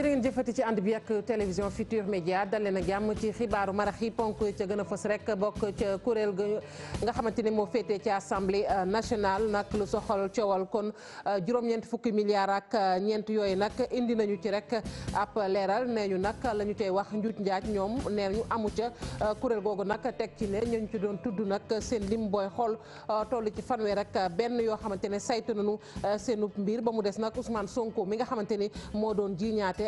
jërë ngeen jëfati ci ànd bi ak télévision Futur Média dalee na jàmm ci xibaaru marax yi ponk ca gën a fës rek bokk ca kuréel ga nga xamante ni moo féetee ci assemblée nationale nag lu soxal coowal kon euh, juróom ñeenti fukki milliards ak euh, ñeent yooyu nag indi nañu ci rek ab leeral nee ñu nag lañu ñu wax njuuj njaaj ñoom nee ñu amu ca euh, kuréel googu nag teg ci ne ñu ci doon tudd nag seen lim booy xool toll ci fanweer rek benn yoo xamante ne saytu nañu seen mbir ba mu des nag Ousmane Sonko mi nga xamante ni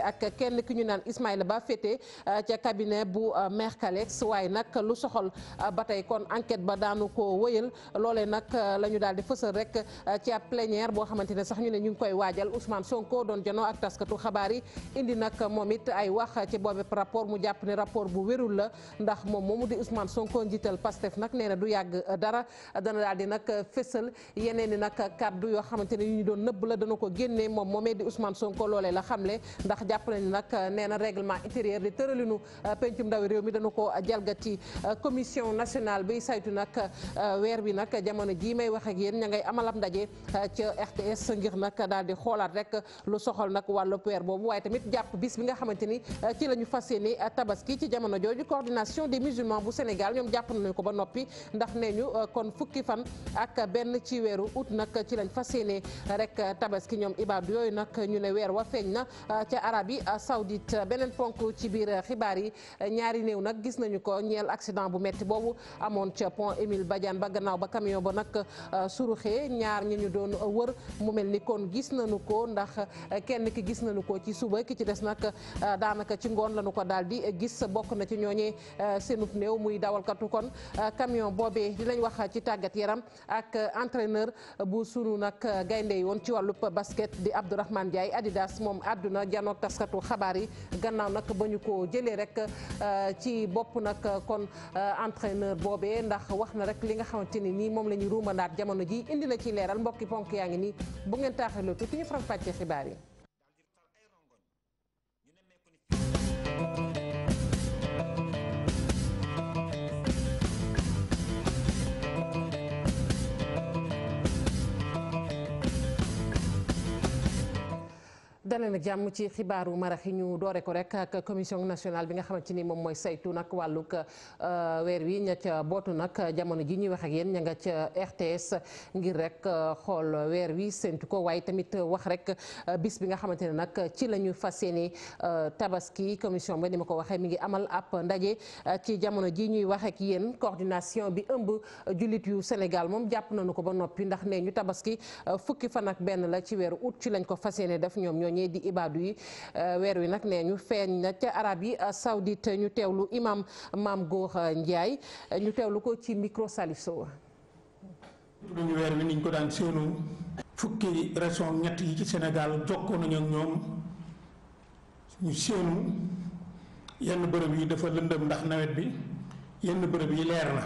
ak kenn ki ñu naan Ismaïla Ba féete euh, ca cabinet bu euh, Mercalex waaye nag lu soxal euh, ba tey kon enquête ba daanu ko wëyal loolee nag la ñu daal di fësal rek ca plénière boo xamante ne sax ñu ne ñu ngi koy waajal Ousmane Sonko doon janoo ak taskatu xabaar yi indi nag moom it ay wax ci boobu rapport mu jàpp ne rapport bu wérul la ndax moom moomu di Ousmane Sonko njiital Pastef nag nee na du yàgg dara dana daal di nag fësal yeneen ni nag kaddu yoo xamante ne yu ñu doon nëbb la dana ko génnee moom moomee di Ousmane Sonko la xamle jàpp nañu nag euh, nee na règlement intérieur di tëralinu euh, pencum ndawi réew mi dañu ko jalgati euh, commission nationale bi saytu nag weer bi nag jamono jii may wax ak yéen ña ngay amalam ndaje ca RTS ngir nag daal di xoolaat rek lu soxal nag wàllu weer boobu waaye tamit jàpp bis bi nga xamante ni ci la ñu fas yéene tabaski ci jamono jooju coordination de musulmans bu Sénégal ñoom jàpp nañu ko ba noppi ndax nee ñu kon fukki fan ak benn ci weeru ut nag ci lañ fas yéene rek tabaski ñoom ibaadu yooyu nag ñu ne weer wa feeñ na ca Arabie Saoudite beneen ponk ci biir xibaar yi ñaari néew nag gis nañu ko ñeel accident bu metti boobu amoon ca pont Émile Badiane ba gannaaw ba camion ba nag euh, suruxee ñaar ñi doon wër mu mel ni kon gis nañu ko ndax euh, kenn ki gis nañu ko ci suba ki ci des nag euh, daanaka ci ngoon lañu ko daal di gis bokk na ci ñooñee seenub néew muy dawalkatu kon camion boobee di lañ wax ci tàggat yaram ak entraîneur bu sunu nag gaynde yoon ci wàllub basket di Abdourahmane Ndiaye Adidas moom taskatu xabaar yi gannaaw nag ba ñu ko jëlee rek euh, ci bopp nag euh, kon euh, entraîneur boobee ndax wax na rek li nga xamante ni nii moom la ñuy ruumandaat jamono ji indi na ci leeral mbokki ponk yaa ngi nii bu ngeen taaxee loo tuuti ñu faram fàccee xibaar yi. daleen ak jàmm ci xibaaru marax yi ñu doore ko rek ak commission nationale bi nga xamante ni moom mooy saytu nag euh, weer wi ña ca bootu nag jamono ji ñuy wax yéen ña nga ca RTS ngir rek euh, xool weer wi séntu ko waaye tamit wax rek euh, bis bi nga xamante ne nag ci la ñu fas yéene tabaski commission ba ni ma ko waxee mi ngi amal ab ndaje ci jamono ji ñuy wax ak yéen coordination bi ëmb jullit yu Sénégal moom jàpp nañu ko ba noppi ndax ne ñu tabaski fukki fan ak benn la ci weeru août ci lañ ko fas def ñoom ñooñu ñi di ibaadu yi euh, weer wi nag ne ñu feeñ na ca arab yi saoudite ñu teewlu imam maam Góor Ndiaye ñu teewlu ko ci micro Salif Sow ñu weer wi niñ ko daan séenoo fukki région ñett yi ci Sénégal jokkoo nañu ak ñoom ñu séenu yenn bërëb yi dafa lëndëm ndax nawet bi yenn bërëb yi leer na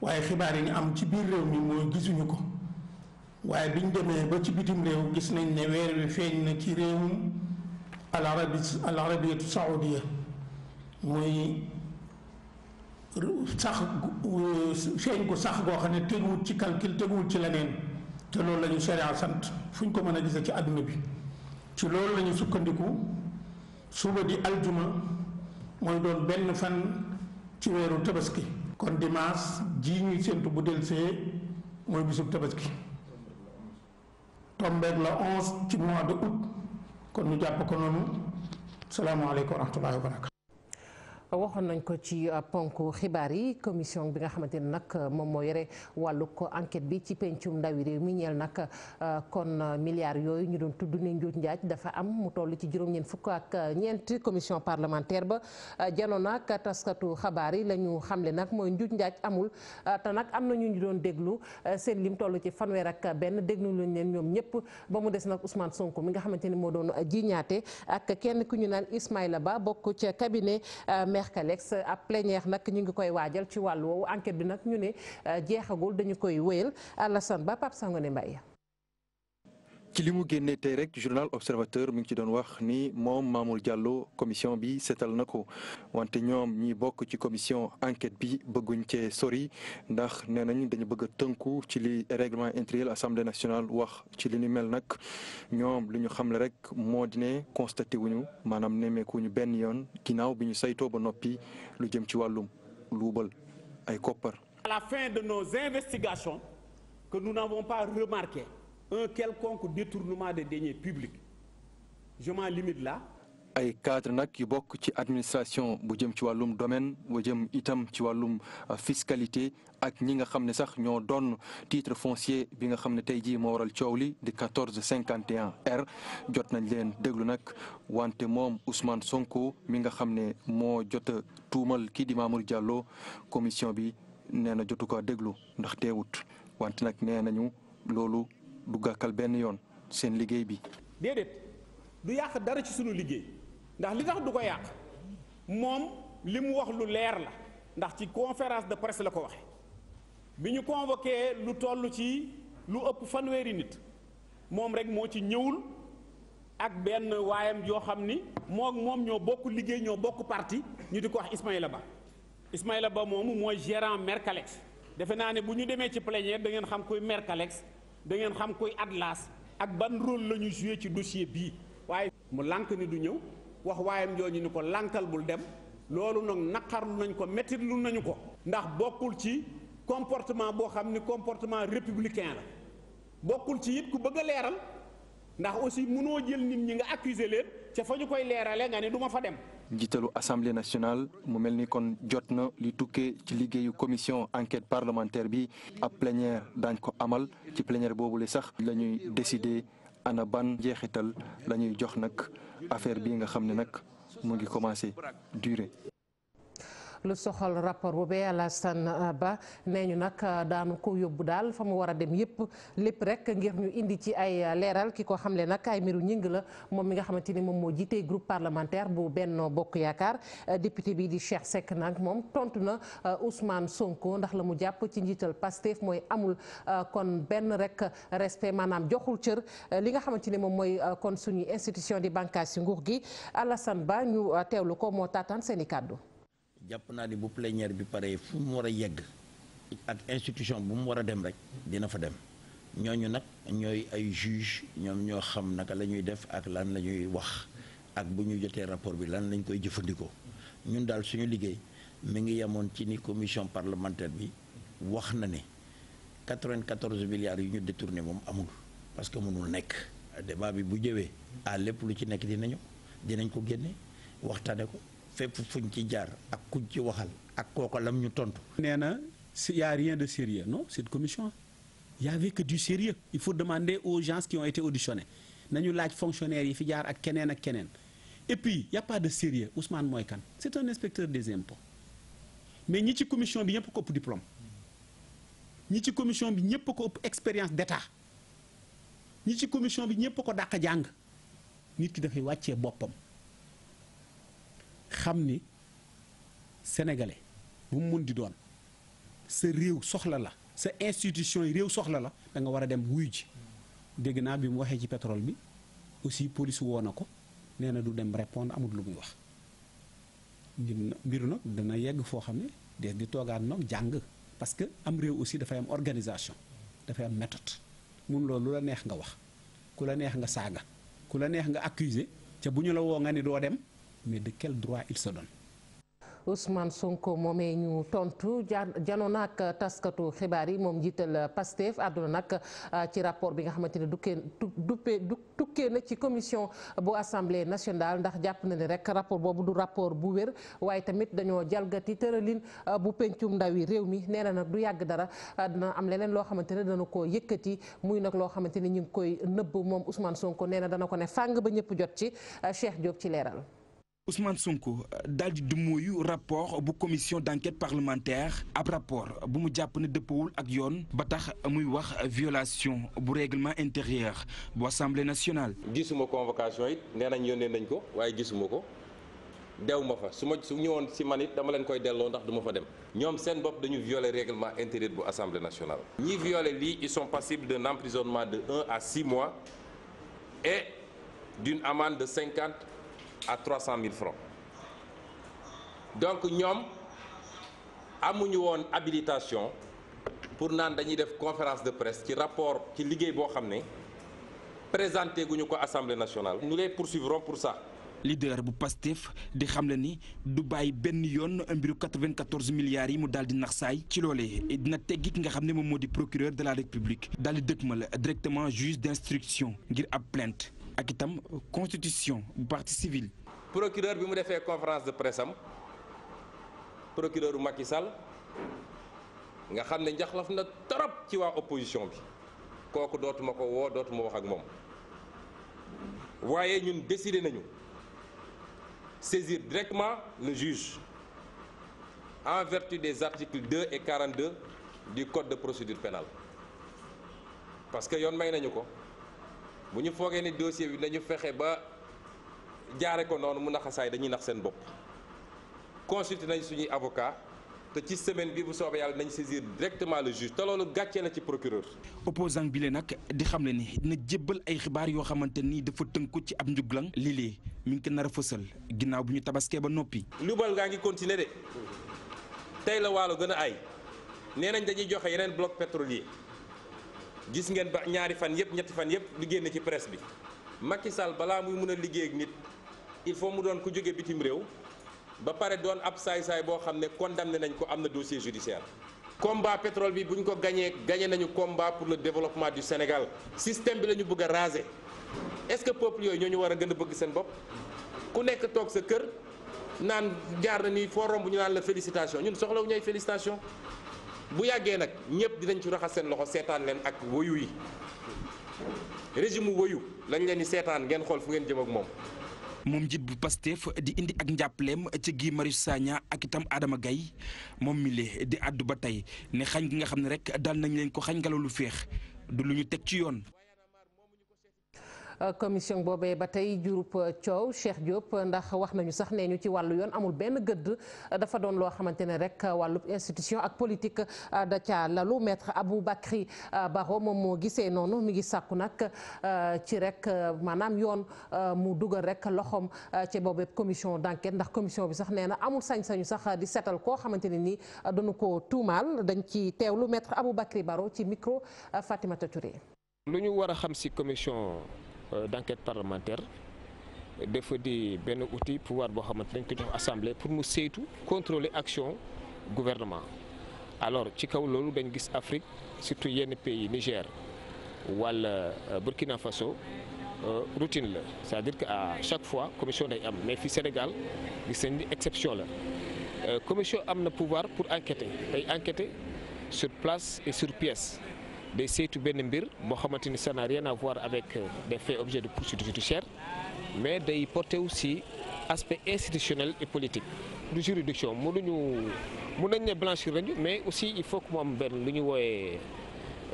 waaye xibaar yi ñu am ci biir réew mi mooy gisuñu ko waaye biñ demee ba ci bitim réew gis nañ ne weer wi feeñ nañ ci réewum al arabi al arabiyatu saoudia muy sax euh, feeñ ko sax goo xam ne teguwul ci calcul teguwul ci leneen te loolu lañu ñu sharia sant fu ñu ko mën a gise ci àdduna bi ci loolu la sukkandiku suba di aljuma mooy doon benn fan ci weeru tabaski kon dimanche ji ñuy séntu bu delsee mooy bisub tabaski tombeeg la onze ci mois de août kon ñu jàpp ko noonu salaamaaleykum wa rahmatullahi wa barakatu waxoon nañ ko ci euh, ponk xibaar yi commission bi nga xamante ne nag euh, moom moo yore wàllu ko enquête bi ci pencum ndawi réew mi ñeel nag euh, kon milliards yooyu ñu doon tudd ne njuuj njaaj dafa am mu toll ci juróom-ñeent fukk ak ñeent commission parlementaire ba janoon nag taskatu xabaar yi la ñu xamle nag mooy njuuj njaaj amul te nag am na ñu ñu doon déglu seen lim toll ci fanweer ak benn déglu lañ leen ñoom ñëpp ba mu des nag Ousmane Sonko mi nga xamante ni moo doon jiñaate ak kenn ku ñu naan Ismaïla Ba bokk ca cabinet Mercalex ab plénière nag ñu ngi koy waajal ci wàllu woowu enquête bi nag ñu ne euh, jeexagul dañu koy wéyal Alassane Ba sa Pape Sangone Mbaye ci li mu génnee tey rek journal observateur mu ngi ci doon wax ni moom maamul jàlloo commission bi setal na ko wante ñoom ñi bokk ci commission enquête bi bëgguñ cee sori ndax nee nañ dañu bëgg a tënku ci li règlement intérieur assemblée nationale wax ci li ñu mel nag ñoom lu ñu xam le rek moo di ne constaté wuñu maanaam nemmeekuñu benn yoon ginnaaw bi ñu saytoo ba noppi lu jëm ci wàllum luubal ay koppar. à la fin de nos investigations que nous n'avons un quelconque détournement de deniers publics je m'en limite là. ay cadre nag yi bokk ci administration bu jëm ci wàllum domaine bu jëm itam ci wàllum euh, fiscalité ak ñi nga xam ne sax ñoo doon titre foncier bi nga xam ne tey jii moo waral coow li di 1451 R jot nañ leen déglu nag wante moom Ousmane Sonko mi nga xam ne moo jot a tuumal kii di Mamour Diallo commission bi nee na jotu ko déglu ndax teewut wante nag nee nañu loolu. du gàkkal benn yoon seen liggéey bi. déedéet du yàq dara ci suñu liggéey ndax li tax du ko yàq moom li mu wax lu leer la ndax ci conférence de presse la ko waxe bi ñu convoqué lu toll ci lu ëpp fanweeri nit moom rek moo ci ñëwul ak benn waayam yoo xam ni moo moom ñoo bokk liggéey ñoo bokk parti ñu di ko wax Ismaïla Ba Ismaïla Ba moomu mooy gérant Mercalex defe naa ne bu ñu demee ci plénière da ngeen xam kuy Mercalex da ngeen xam koy atlas ak ban rôle la ñu joué ci dossier bii waaye mu lànk ni du ñëw wax waayam jooju ni ko lànkal bul dem loolu nag naqarlu nañ ko mettit lu nañu ko ndax bokkul ci comportement boo xam ni comportement républicain la bokkul ci yit ku bëgg leeral ndax aussi mënoo jël nit ñi nga accuser leen ca fa ñu koy leeralee nga ne du ma fa dem njiitalu assemblée nationale mu mel ni kon jot na li tukkee ci liggéeyu commission enquête parlementaire bi ab plénière daañ ko amal ci plénière boobu li sax lañuy ñuy décider ana ban jeexital la ñuy jox nag affaire bi nga xam ne nag mu ngi commencé durer. lu soxal rapport boobee Alassane euh, Ba nee ñu nag euh, daanu ko yóbbu daal fa mu war a dem yëpp lépp rek ngir ñu indi ci ay euh, leeral ki ko xamle nag ay miru ñing la moom mi nga xamante ni moom moo jiitee groupe bu Benno Bokk Yaakaar député bi di Cheikh Seck nag moom tontu na Ousmane Sonko ndax la mu jàpp ci njiital Pastef mooy amul kon benn rek respect maanaam joxul cër li nga xamante ni moom mooy kon suñuy institution di bànqaas si nguur gi Alassane Ba ñu teewlu ko moo taataan seen i kàddu jàpp naa ni bu plénière bi paree fu mu war a yegg ak institution bu mu war a dem rek dina fa dem ñooñu nag ñooy ay juge ñoom ñoo xam naka la ñuy def ak lan la ñuy wax ak bu ñu jotee rapport bi lan lañ koy jëfandikoo ñun daal suñu liggéey mu ngi yemoon ci ni commission parlementaire bi wax na ne 94 milliards yu ñu détourné moom amul parce que mënul nekk baa bi bu jëwee ah lépp lu ci nekk dinañu dinañ ko génne waxtaane ko fépp fuñ ci jaar ak kuñ ci waxal ak kooka lam ñu tontu. nee na y rien de sérieux non cette commission y avait que du sérieux il faut demander aux gens qui ont été auditionnés nañu laaj fonctionnaires yi fi jaar ak keneen ak keneen et puis y a pas de sérieux Ousmane mooy kan c'est un inspecteur des impôts mais ñi ci commission bi ñëpp ko ëpp diplôme ñi ci commission bi ñëpp ko ëpp expérience d'état ñi ci commission bi ñëpp ko dàq jàng nit ki dafay wàccee boppam. xam ni sénégalais bu mu mun di doon sa réew soxla la sa institution yi réew soxla la da nga war a dem wuy ji dégg naa bi mu waxee ci pétrole bi aussi police woo na ko nee na du dem répondre amul lu muy wax mbiru nag dana yegg foo xam ne des di toogaat nag jàng parce que am réew aussi dafay am organisation dafay am méthode mun loolu lu la neex nga wax ku la neex nga saaga ku la neex nga accuser ca bu ñu la woo nga ni doo dem mais de quel droit il se donne Ousmane Sonko moomee ñu tontu janoo nag taskatu xibaar yi moom njiital Pastef àdduna nag ah, ci rapport bi nga xamante ne dukkee duppee tukkee na ci commission bu assemblée nationale ndax jàpp na ni rek rapport boobu du rapport bu wér waaye tamit dañoo jalgati tëralin ah, bu pencum ndaw yi réew mi nee na nag du yàgg dara ah, dina am leneen loo xamante ne dana ko yëkkati muy nag loo xamante ni ñu ngi koy nëbb moom Ousmane Sonko nee na dana ko ne fàng ba ñëpp jot ci Cheikh Diop ci leeral. Ousmane Sonko euh, daal di dummuyu rapport bu commision d'enquête parlementaire ab rapport bu mu jàpp ne dëppawul ak yoon ba tax muy wax violation bu règlement intérieur bu assemblée nationale. gisuma convocation yi nee nañ yónnee nañ ko waaye gisuma ko dew ma fa su ma su ñëwoon si man it dama leen koy delloo ndax du ma fa dem ñoom seen bopp dañu violer règlement intérieur bu assemblée nationale. ñi violer lii ils sont passibles d'un emprisonnement de un à six mois et cinquante. à 300 000 francs donc ñoom amuñu woon habilitation pour naan dañuy def conférence de presse ci rapport ci liggéey boo xam ne présenté guñu ko assemblée nationale. nous les poursuivrons pour ça. leader bu Pastef di xam ne ni du bàyyi benn yoon mbiru 94 milliards yi mu daal di nax saay ci loolee dina teggi ki nga xam ne moom moo di procureur de la république daal di dëkkmal directement juge d'instruction ngir ab plainte. ak itam constitution bu parti civile. procureur bi mu defee conférence de presse am procureur bu Macky Sall nga xam ne njaxlaf na trop ci waa opposition bi kooku dootuma ko woo dootuma wax ak moom waaye ñun décider nañu saisir directement le juge en vertu des articles 2 et 42 du code de procédure pénale parce que yoon may nañu ko. bu ñu foogee ne dossier bi dañu fexe ba jaare ko noonu mu naxasaay dañuy nax seen bopp consulté nañ suñuy avocat te ci semaine bi bu soobee yàlla nañ saisir directement le juge te loolu gàcce la ci procureur. opposant bi le nag di xam ne ni dina jébbal ay xibaar yoo xamante ni dafa tënku ci ab njuglan lii mi ngi ko nar a fësal ginnaaw bu ñu tabaskee ba noppi. lubal ngaa ngi continuer de tey la waalo gën a ay nee nañ dañuy joxe yeneen bloc pétrolier. gis ngeen ba ñaari fan yëpp ñetti fan yëpp lu génn ci presse bi Macky balaa muy mun a liggéey ak nit il faut mu doon ku jóge bitim réew ba pare doon ab saay-saay boo xam ne condamné nañ ko am na dossier judiciaire. combat pétrole bi bu ñu ko gañee gañe nañu combat pour le développement du Sénégal système bi lañu bëgg a raser est-ce que peuple yooyu ñoo ñu war a gën a bëgg seen bopp ku nekk toog sa kër naan jaar na ni foo romb ñu naan la félicitation ñun soxlawuñu ay félicitation bu yàggee nag ñëpp dinañ ci raxas seen loxo seetaan leen ak woyu yi régime woyu lañ leen di seetaan ngeen xool fu ngeen jëm ak moom. moom njiit bu fo di indi ak njàppaleem ci Guy Marius Sagna ak itam Adama gay moom mi lee di àddu ba tey ne xañ gi nga xam ne rek dal nañ leen ko xañ ngelaw lu féex du lu ñu teg ci yoon. Euh, commission boobee ba tey jurub euh, coow Cheikh Diop euh, ndax wax nañu sax nee ñu ci wàllu yoon amul benn gëdd dafa doon loo xamante ne rek wàllu institution ak politique da ca lalu maître Aboubacry Baro moom moo gisee noonu mi ngi sàkku nag ci rek maanaam yoon mu dugal rek loxoom ci boobee commission d'enquête ndax commission bi sax nee na amul sañ-sañu sax di setal koo xamante ne nii dañu ko tuumaal dañ ci teewlu abu Aboubacry Baro ci micro Fatimata Touré. lu ñu Euh, d'enquête parlementaire dafa di benn outil pouvoir boo xamante dañ ko jox assemblée pour mu saytu contrôler action gouvernement. alors ci kaw loolu dañ gis Afrique surtout yenn pays Niger wala euh, Burkina Faso euh, routine la c'est-à-dire que à chaque fois commission day am mais fi Sénégal gis nañ ni exception la commission am na pouvoir pour enquêter day enquêter sur place et sur pièce. day saytu benn mbir boo xamante ni ça n'a rien à voir avec euh, des faits objets de poursuite judiciaire mais day porter aussi aspect institutionnel et politique du juridiction mënuñu mën nañ ne blanchir nañu mais aussi il faut que moom benn lu ñu wooyee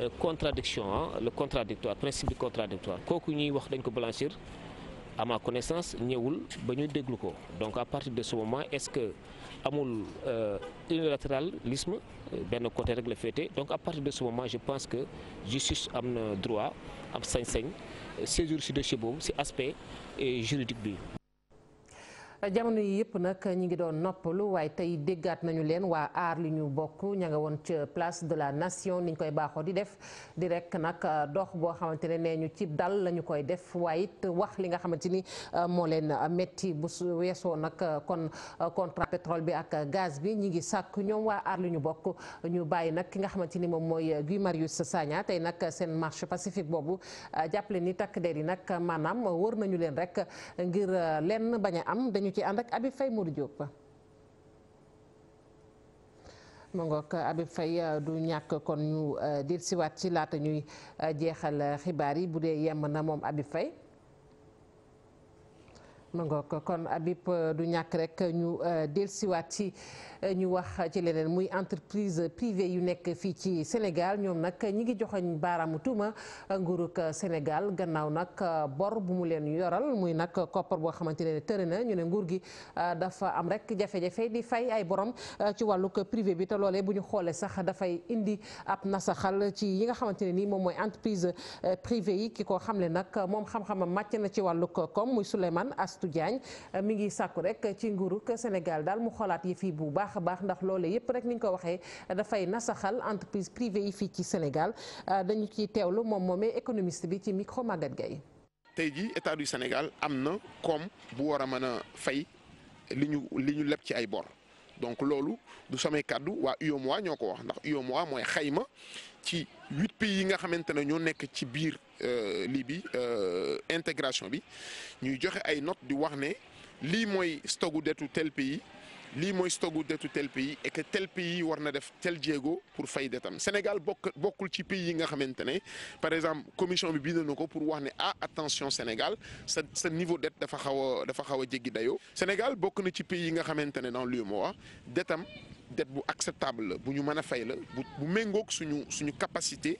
euh, contradiction le contradictoire principe du contradictoire kooku ñuy wax dañ ko blanchir à ma connaissance ñëwul ba ñu déglu ko donc à partir de ce moment est-ce que amul euh, unilatéralisme benn côté rek la féete donc à partir de ce moment je pense que justice am na droit am sañ-sañ euh, saisir si dossier boobu si aspect et euh, juridique bi. jamono yi yëpp nag ñi ngi doon noppalu waaye tey déggaat nañu leen waa aar li ñu bokk ña nga woon ca place de la nation ni ñu koy baaxoo di def di rek nag euh, dox boo xamante ne nee ñu ci dal lañu koy def waaye it wax li nga xamante ni euh, moo leen euh, métti bu weesoo nag kon contrat bi ak gaz bi ñi ngi sàkk waa aar li ñu bokk ñu bàyyi nag ki nga xamante ni moom mooy Guy Marius Sagna tey nag seen marché pacifique boobu jàppale ni takk der yi nag maanaam wër nañu leen rek ngir lenn bañ a am dañu ci ànd abi fay Faye Modou Diop. ma ngoog Habib euh, du ñàkk kon ñu euh, dir siwaat ci laata ñuy euh, jeexal xibaar yi bu dee yemb na moom abi fay ma ngoog kon Habib euh, du ñàkk rek ñu euh, dellusiwaat ci euh, ñu wax ci leneen muy entreprise privée yu nekk fii ci Sénégal ñoom nag ñi ngi joxoñ baaraamu tuuma nguurug Sénégal gannaaw nag bor bu mu leen yoral muy nag koppar boo xamante ne tëri na ñu ne nguur gi dafa am rek jafe-jafe di fay ay borom ci wàllug privé bi te loolee bu ñu xoolee sax dafay indi ab nasaxal ci yi nga xamante ne nii moom mooy entreprise privée yi ki xam xamle nag moom xam-xamam màcc na ci wàllug koom Astou Diagne euh, mi ngi sàkku rek ci nguurug Sénégal daal mu xolaat yi fii bu baax a baax ndax loole yëpp rek ni ñu ko waxee dafay nasaxal entreprise privée yi fii ci Sénégal euh, dañu ciy teewlu moom moomee économiste bi ci micro Maguette Gueye tey jii état du Sénégal am na koom bu war a mën a fay li ñu li ñu leb ci ay bor donc loolu du samay kàddu waa UEMOA ñoo ko wax ndax UEMOA mooy xayma ci huit pays yi nga xamante ne ñoo nekk ci biir euh, lii bi euh, intégration bi ñuy joxe ay note di wax ne lii mooy stogu dettu tel pays lii mooy stogu dettu tel pays et que tel pays war na def tel jéego pour fay detam Sénégal bokk bokkul ci pays yi nga xamante ne par exemple commission bi bind na ko pour wax ne ah attention Sénégal sa sa niveau dette dafa xaw a dafa xaw a jéggi dayo Sénégal bokk na ci pays yi nga xamante ne dans wax detam dette bu acceptable la bu ñu mën a fay la bu bu suñu suñu capacité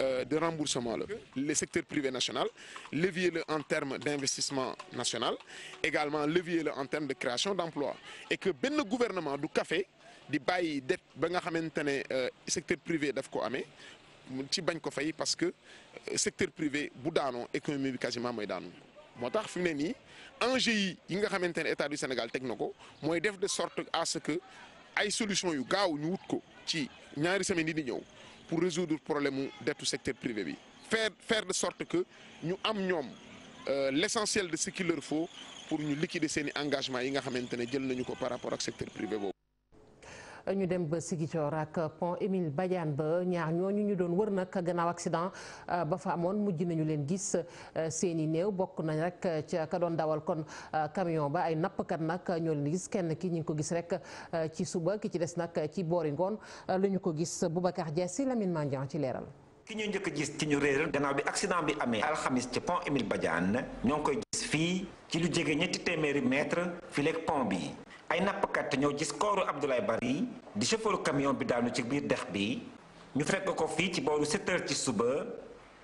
euh, de remboursement la le secteur privé national levier la en termes d'investissement national également levier la en termes de création d'emploi et que benn gouvernement du kafe di bàyyi dette ba nga xamante ne euh, secteur privé daf ko amee ci bañ ko fay parce que euh, secteur privé bu daanoo économie quasiment mooy daanu moo tax fi mu ne nii enjeu yi nga xamante ne état du Sénégal teg na ko mooy def que ay solution yu gaaw ñu wut ko ci ñaari semaines yi di ñëw pour résoudre problème mu dettu secteur privé bi faire faire de sorte que ñu am ñoom euh, l'essentiel de ce qu'il leur faut pour ñu liquider seeni engagement yi nga xamante ne jël nañu ko par rapport ak secteur privé boobu ñu dem ba Ziguinchor ak pont Émile Badiane ba ñaax ñoo ñu ñu doon wër nag gannaaw accident euh, ba fa amoon mujj nañu leen gis euh, seeni néew bokk nañ rek ca ka doon dawal kon euh, camion ba ay nappkat nag ñoo leen gis kenn ki ñu ko gis rek ci suba ki ci des nag ci boori ngoon lañu ko gis Boubacar Diassi Lamine Mandian ci leeral. ki ñu njëkk gis ci ñu réer gannaaw bi accident bi amee alxamis ci pont Émile Badiane ñoo koy gis fii ci lu jege ñetti téeméeri mètre fileeg pont bi ay nappkat ñoo gis kooru Abdoulaye Bari di chauffeur camion bi daanu ci biir dex bi ñu fekk ko fii ci booru 7 ci suba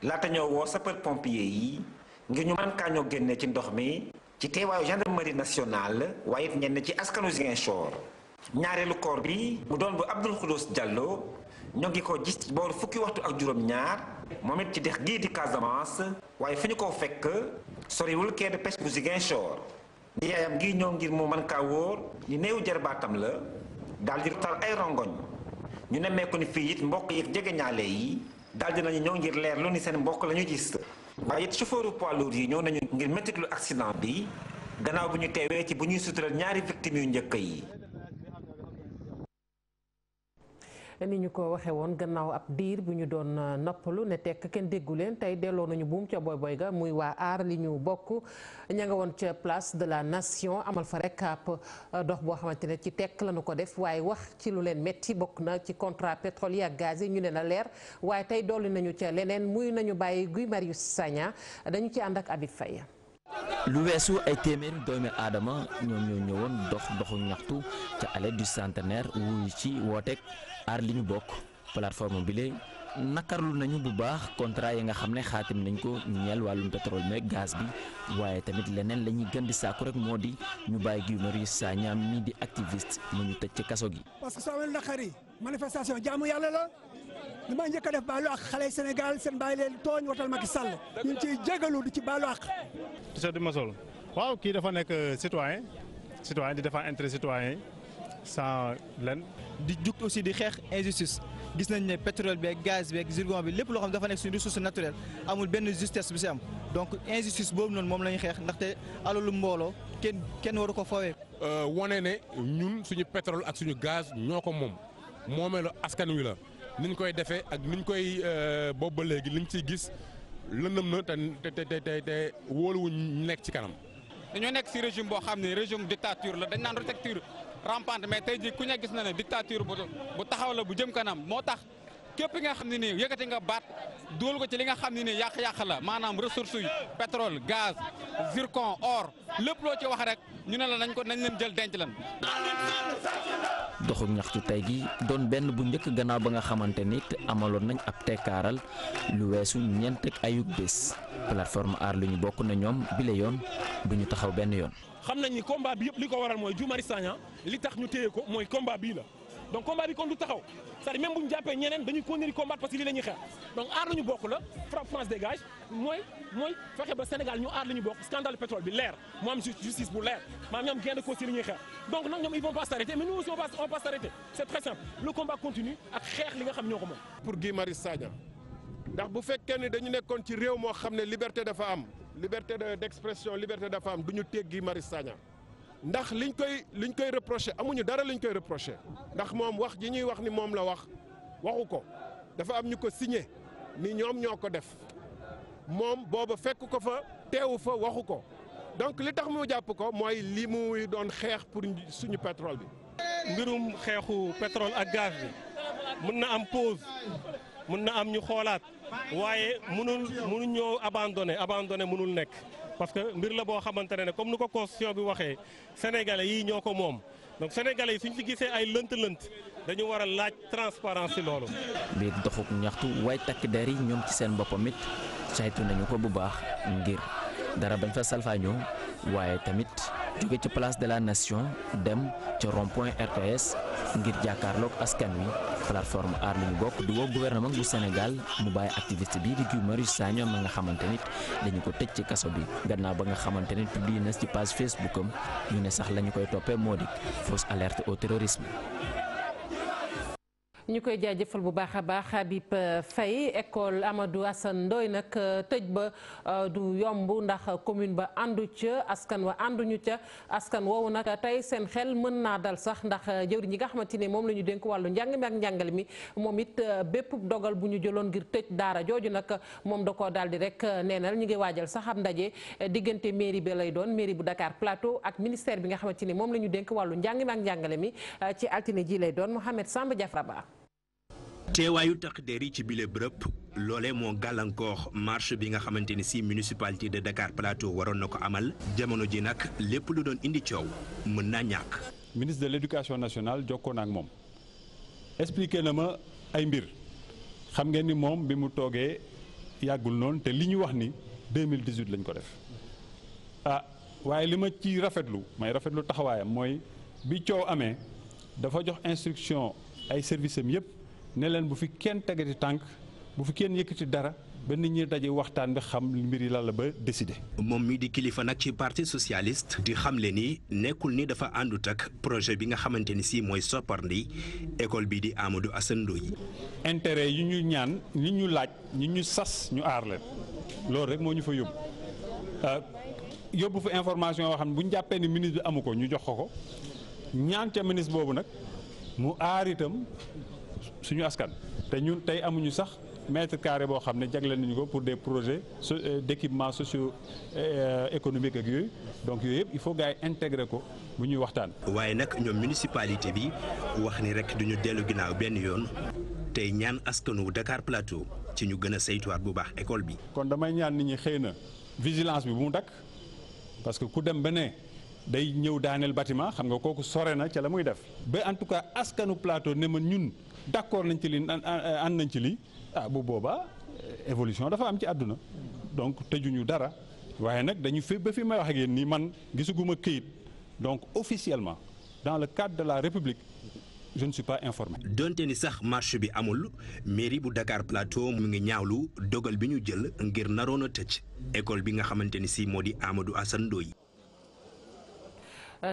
laata ñoo woo sapeur pompier yi ngir ñu mën kaa génne ci ndox mi ci teewaayu gendarmerie nationale waaye it ci askanu Ziguinchor ñaareelu koor bi mu doon bu Abdoul Khoudous Diallo ñoo ngi ko gis booru fukki waxtu ak juróom-ñaar moom it ci dex gii di Casamance waaye fi ñu ko fekk soriwul quai de pêche bu Ziguinchor yaayam gi ñëw ngir moo mën kaa wóor ni néew jarbaatam la daal di tal ay rongoñ ñu nemmee ko ni fii it mbokk yi jege ñaale yi daal nañu ñëw ngir leer lu ni seen mbokk la ñu gis. waaye it chauffeuru poids lourd yi ñëw nañu ngir méttitlu accident bi gannaaw bu ñu teewee ci bu ñuy sutural ñaari victimes yu njëkk yi. ni ñu ko waxee woon gannaaw ab diir bu ñu doon euh, noppalu ne tekk kenn déggu leen tey delloo nañu buum ca boy boy ga muy waa aar li ñu bokk ña nga woon ca place de la nation amal fa rek ab euh, dox boo xamante ne ci tekk lañu ko def waaye wax ci lu leen métti bokk na ci contrate pétrole yi ak ñu ne na leer waaye tey dolli nañu ca leneen muy nañu bàyyi Guy Marius Sagna dañu ci ànd ak Habib Faye lu weesu ay téeméeri doomi aadama ñoom ñoo ñëwoon dox doxu ñaxtu ca allée du aar li ñu bokk plateforme bi lee nakarlu nañu bu baax contrat yi nga xam ne xaatim nañ ko ñeel wàllum pétrole meeg gaz bi waaye tamit leneen la gën di sàkku rek moo di ñu bàyyi Guy Marius Sagna mii di activiste mu ñu tëj ci kaso gi. parce que soo amee naqari manifestation jaamu yàlla la li ma njëkk a def baalu ak xale Sénégal seen bàyyi leen tooñ watal Macky Sall ñun ciy jégalu du ci baalu ak. monsieur Dimasol waaw kii dafa nekk citoyen sans lenn di jug aussi di xeex injustice gis nañ ne pétrole beeg gaz beeg zircon bi lépp loo xam dafa nekk suñu ressource naturelle amul benn justesse bi si am donc injustice boobu noonu moom la ñu xeex ndaxte alalu mbooloo kenn kenn waru ko foowee. Euh, wone ne ñun suñu pétrole ak suñu gaz ñoo ko moom moomeelu askan wi la niñ koy defee ak niñ koy euh, boobu ba léegi liñ ciy gis lëndëm na te te te te te wóoluwuñ nekk ci kanam. dañoo nekk si régime boo xam ne régime dictature la dañ naan rampante mais tey jii ku ne gis na ne dictature bu bu taxaw la bu jëm kanam moo tax képp nga xam ne nii yëkkati nga baat dugal ko ci li nga xam ne nii yàq-yàq la maanaam ressources yi pétrole gaz zircon or lépp loo ci wax rek ñu ne la nañ ko nañ leen jël denc lan doxum ñaxtu tey gi doon benn bu njëkk gannaaw ba nga xamante nit amaloon nañ ab tekkaaral lu weesu ñeent ak ayug bés plateforme aar lu ñu bokk na ñoom bile yoon bu ñu taxaw benn yoon xam nañ ni combat bi yëpp li ko waral mooy Guy Marius Sagna li tax ñu téye ko mooy combat bii la donc combat bi kon du taxaw c'est-à-dire même bu ñu jàppee ñeneen dañuy continuer combat parce que xeex donc aar la ñu bokk la Frapp France dégage mooy mooy fexe ba Sénégal ñu aar la ñu bokk scandale bi leer mu justice bu leer maanaam ñoom gain de cause ci xeex donc nag ñoom ils vont pas s'arrêter mais on va on va pas s'arrêter c'est très simple le combat continue ak xeex li nga xam ñoo ko moom pour Guy ndax bu fekkee ni dañu nekkoon ci réew moo xam ne liberté dafa am liberté d'expression liberté dafa am du ñu teggi mari Sagna ndax liñ koy liñ koy reproché amuñu dara liñ koy reproché ndax moom wax ji ñuy wax ni moom la wax waxu ko dafa am ñu ko signé ni ñoom ñoo ko def moom booba fekk ko fa teewu fa waxu ko donc li tax mu jàpp ko mooy li muy doon xeex pour suñu pétrole bi. mbirum xeexu pétrole ak gaz bi mën na am pause mën na am ñu xoolaat. waaye mënul mënul ñoo abandonné abandonné mënul nekk parce que mbir la boo xamante ne comme nu ko constitution bi waxee sénégalais yi ñoo ko moom donc sénégalais yi suñ fi gisee ay lënt-lënt dañu war laaj transparence ci loolu. biir doxuk ñaxtu waaye takk der yi ñoom ci seen boppam it saytu nañu ko bu baax ngir. dara bañ fa salfaañoo waaye tamit jóge ci place de la nation dem ca rond point RTS ngir jàkkaarloog askan wi plateforme aar li ñu bokk di woo gouvernement bu Sénégal mu bàyyi activiste bii di Guy Marius Sagna nga xamante nit dañu ko tëj ci kaso bi gannaaw ba nga xamante nit publié na ci page Facebook am ñu ne sax la ñu koy toppee moo di fausse alerte au terrorisme. ñu koy jaajëfal bu baax a baax Habib euh, Faye ecole Amadou assan ndoy nag euh, tëj ba euh, du yomb ndax commune ba àndu ca askan wa ànduñu ca askan woowu nag tey seen xel mën naa dal sax ndax jëwriñ ñi nga xamante ne moom la ñu dénk wàllu njàng mi ak njàngale mi moom it bépp dogal bu ñu jëloon ngir tëj daara jooju nag moom da koo daal di rek neenal ñu ngi waajal sax am ndaje diggante mairie bi lay doon mairie bu Dakar Plateau ak ministère bi nga xamante ni moom la ñu dénk wàllu njàng mi ak njàngale mi ci altine ji lay doon Mouhamed Samba Diafra teewaayu takk der ci bile bërëb loole moo gàllankoor marche bi nga xamante ni si municipalité de Dakar Plateau waroon na ko amal jamono ji nag lépp lu doon indi coow mën naa ñàkk. ministre de l'éducation nationale jokkoon ak moom expliqué na ma ay mbir xam ngeen ni moom bi mu toogee yàggul noonu te li ñu wax ni 2018 lañ ko def ah waaye li ma ci rafetlu may rafetlu taxawaayam mooy bi coow amee dafa jox instruction ay services am yépp ne leen bu fi kenn tegati tànk bu fi kenn yëkkati dara ba nit ñi daje waxtaan bi xam mbir yi lan ba décider. moom mii di kilifa nag ci parti socialist di xamle ni nekkul ni dafa àndut ak projet bi nga xamante ni sii mooy sopparndi école bii di Amadou Assane yi intérêt yi ñu ñaan li ñu laaj ñi ñu sas ñu aar leen loolu rek moo ñu fa yóbbu euh, yóbbu fa information yoo xam ne bu ñu jàppee ni ministre bi amu ko ñu jox ko ko ñaan ca ministre boobu nag mu aar suñu askan te ñun tey amuñu sax mètre carré boo xam ne jagleel nañu ko pour des projets euh, d'équipement socio euh, économique ak yooyu donc yooyu il faut gars yi intégrer ko bu ñuy waxtaan. waaye nag ñoom municipalité bi wax ni rek duñu dellu ginnaaw benn yoon tey ñaan askanu Dakar Plateau ci ñu gën a saytuwaat bu baax école bi. kon damay ñaan nit ñi xëy na vigilance bi bu mu dakk parce que ku dem ba ne day ñëw daaneel bâtiment xam nga kooku sore na ca la muy def ba en tout cas askanu Plateau ne ñun. d' accord nañ ci li ànd nañ ci li ah bu boobaa euh, évolution dafa am ci àdduna donc tëjuñu dara waaye nag dañu fi ba fi may wax ak nii man gisuguma këyit donc officiellement dans le cadre de la république je ne suis pas informé. donte ni sax marché bi amul mairie bu Dakar Plateau mu ngi ñaawlu dogal bi ñu jël ngir naroon a tëj école bi nga xamante ni si moo di Amadou Assane yi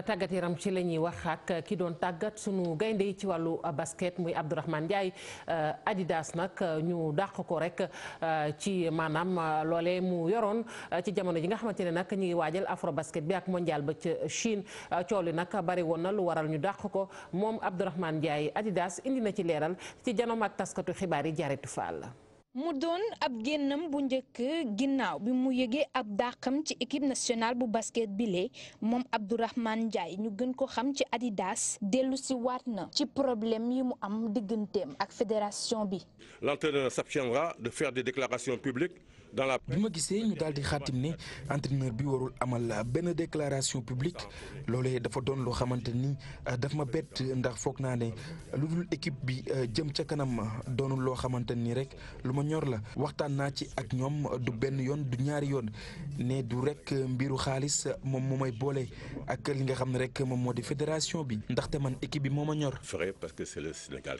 tàggat yaram ci la ñuy wax ak ki doon tàggat suñu gaynde yi ci wàllu basket muy Abdourahmane Ndiaye euh, Adidas nag euh, ñu dàq ko rek euh, ci maanaam loole mu yoroon ci jamono ji nga xamante ne nag ñu waajal afro basket bi ak mondial ba ca Chine coow li nag bari woon na lu waral ñu dàq ko moom Abdourahmane Ndiaye Adidas indi na ci leeral ci janoom ak taskatu xibaar yi jaretu Fall. mu doon ab génnam bu njëkk ginnaaw bi mu yëgee ab dàqam ci équipe nationale bu basket bile moom Abdourahmane Ndiaye ñu gën ko xam ci Adidas dellu waat na ci problème yi mu am digganteem ak fédération bi. L'entraîneur s'abstiendra de faire des déclarations publiques. dans la bi ma gisee ñu daal di xaatim ne entraîneur bi warul amal benn déclaration publique loolee dafa doon loo xamante ni euh, daf ma bett ndax foog naa ne lu dul équipe bi euh, jëm ca kanam doon loo xamante ni rek lu ma ñor la waxtaan naa ci ak ñoom du benn yoon du ñaari yoon ne du rek mbiru xaalis moom moo may boole ak li nga xam ne rek moom moo di fédération bi ndaxte man équipe bi moo ma ñor. parce que c'est le Sénégal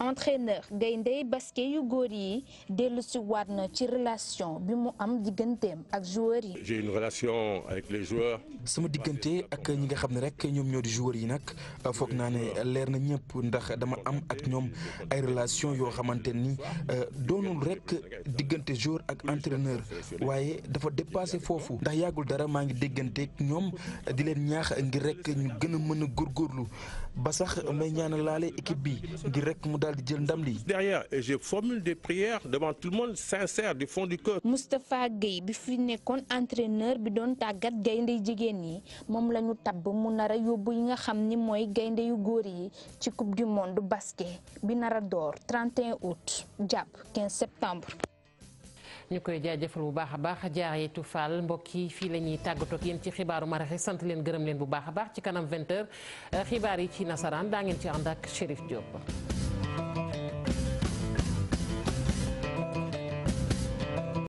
ngay Gaynde basket yu góor yi dellusi waat na ci relation bi mu am digganteem ak joueurs yi. j'ai une sama diggante ak ñi nga xam ne rek ñoom ñoo di joueurs yi nag foog naa ne leer na ñëpp ndax dama am ak ñoom ay relation yoo xamante ni euh, doonul rek diggante joueur ak entraîneur waaye dafa dépassé foofu ndax yàggul dara maa ngi dégganteeg ñoom di leen ñaax ngir rek ñu gën a mën a góorgóorlu ba sax may ñaanalaale équipe bi ngir rek mu daal daal di jël ndam li derrière je formule des prières devant tout le monde sincère du fond du cœur. Moustapha Guèye bi fi nekkoon entraîneur bi doon tàggat gaynde yi jigéen yi moom la ñu tabb mu nar a yóbbu yi nga xam ni mooy gaynde yu góor yi ci coupe du monde basket bi nara door 31 août jàpp 15 septembre. ñu koy jaajëfal bu baax a baax jaareetu Fall mbokk yi fii la ñuy tàggatoo ak ci xibaaru maraîchers sant leen gërëm leen bu baax a baax ci kanam 20h xibaar yi ci nasaraan daa ngeen ci ànd ak